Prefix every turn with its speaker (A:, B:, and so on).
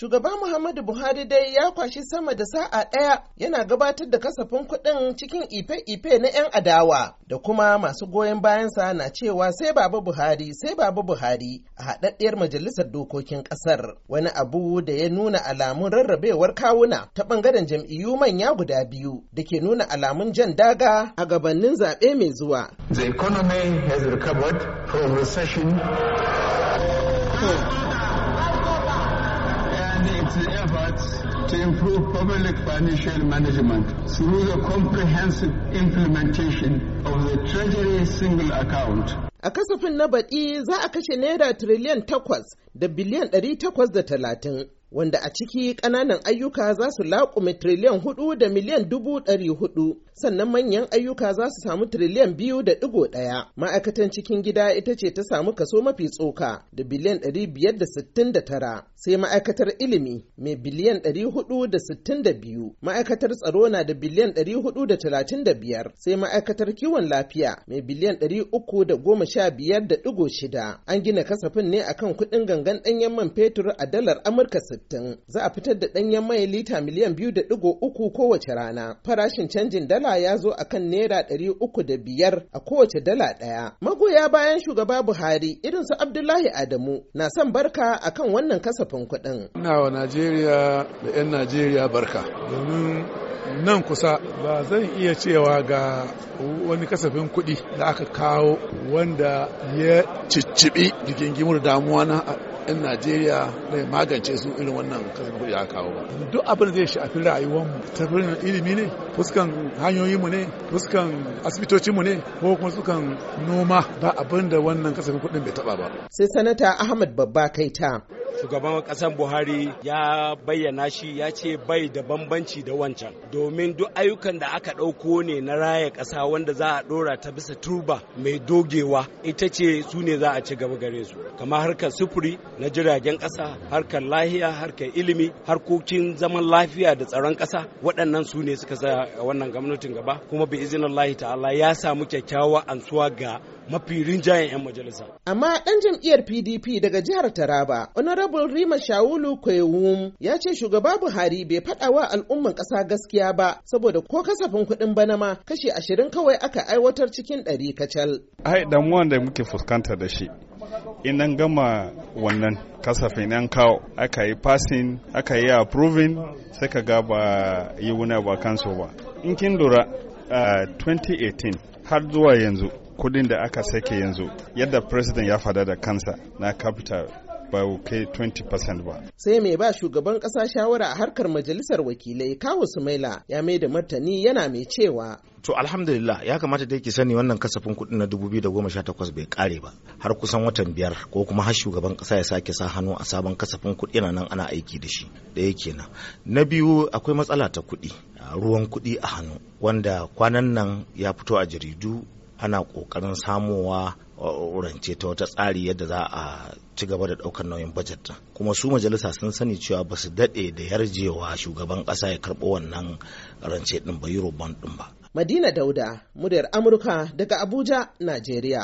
A: Shugaban Muhammadu Buhari dai ya kwashi sama da sa'a ɗaya yana gabatar da kasafin kuɗin cikin ife-ife na 'yan adawa da kuma masu goyon bayansa na cewa sai Baba Buhari sai Baba Buhari a haɗaɗɗiyar majalisar dokokin ƙasar. Wani abu da ya nuna alamun rarrabewar kawuna ta ɓangaren jam'iyyu manya guda biyu da ke nuna alamun jan daga a gabanin zaɓe mai zuwa.
B: The economy has recovered from recession. Hmm.
C: the efforts to improve public financial management through the comprehensive implementation of the Treasury Single Account.
A: A kasafin na baɗi za a kashe naira tiriliyan takwas da biliyan ɗari takwas da talatin wanda a ciki ƙananan ayyuka za su laƙume tiriliyan hudu da miliyan dubu ɗari hudu sannan manyan ayyuka za su samu tiriliyan biyu da ɗigo ɗaya ma'aikatan cikin gida ita ce ta samu kaso mafi tsoka da biliyan ɗari biyar da sittin da tara sai ma'aikatar ilimi mai biliyan ɗari hudu da sittin da biyu ma'aikatar tsaro na da biliyan ɗari hudu da talatin da biyar sai ma'aikatar kiwon lafiya mai biliyan ɗari uku da goma sha biyar da ɗigo shida an gina kasafin ne akan kuɗin gangan ɗanyen man fetur a dalar amurka 60 za a fitar da ɗanyen mai lita miliyan 2.3 kowace rana. Farashin canjin dala ya zo a kan naira 305 a kowace dala ɗaya. Magoya bayan shugaba Buhari irin su Abdullahi Adamu na son barka a kan wannan kasafin kuɗin. Ina
B: wa Najeriya da 'yan Najeriya barka domin nan kusa ba zan iya cewa ga wani kasafin kuɗi da aka kawo wanda ya ciccibi rigingimar damuwa na 'yan najeriya zai magance su irin wannan kasafin kuɗi ya kawo ba duk abin da zai shafi rayuwarmu ta ilimi ne fuskan hanyoyinmu ne fuskan asibitocinmu ne ko kuma sukan noma ba abin da wannan
A: kasafin kuɗin bai taba ba sai sanata ahmad babba kaita
C: shugaban ƙasar buhari ya bayyana shi ya ce bai da bambanci da wancan domin duk ayyukan da aka ɗauko ne na raya ƙasa wanda za a ɗora ta bisa turba mai dogewa ita ce su ne za a ci gaba gare su kamar harkar sufuri na jiragen ƙasa harkar lahiya harkar ilimi harkokin zaman lafiya da tsaron ƙasa waɗannan su ne suka sa wannan gwamnatin gaba kuma bi izinin ta'ala ya samu kyakkyawa ansuwa ga mafi rinjayen 'yan majalisa.
A: Amma ɗan jam'iyyar PDP daga jihar Taraba, Honorable Rima Shawulu Kwewum ya ce shugaba Buhari bai faɗa wa al'umman ƙasa gaskiya ba saboda ko kasafin kuɗin bana ma kashi ashirin kawai aka aiwatar cikin ɗari kacal.
D: Ai damuwa da muke fuskanta da shi in an gama wannan kasafin yan kawo aka yi passing aka yi approving sai ka ga ba yi wuna ba kansu ba in kin lura 2018 har zuwa yanzu kudin da aka sake yanzu yadda president ya fada da kansa na capital ba kai 20% ba.
A: Sai mai ba shugaban kasa shawara a harkar majalisar wakilai kawo Sumaila ya mai da martani yana mai cewa.
D: To alhamdulillah ya kamata dai ki sani wannan kasafin kuɗi na 2018 bai kare ba har kusan watan biyar ko kuma har shugaban kasa ya sake sa hannu a sabon kasafin kuɗi yana nan ana aiki da shi ɗaya kenan. Na biyu akwai matsala ta kuɗi ruwan kuɗi a hannu wanda kwanan nan ya fito a jaridu ana ƙoƙarin samowa uh, rance ta wata tsari yadda za a ci gaba da ɗaukar nauyin bajet din kuma su majalisa sun sani cewa ba su daɗe da yarjewa shugaban ƙasa ya karɓo wannan rance ɗin ba euro bond ɗin ba
A: madina dauda muryar amurka daga abuja najeriya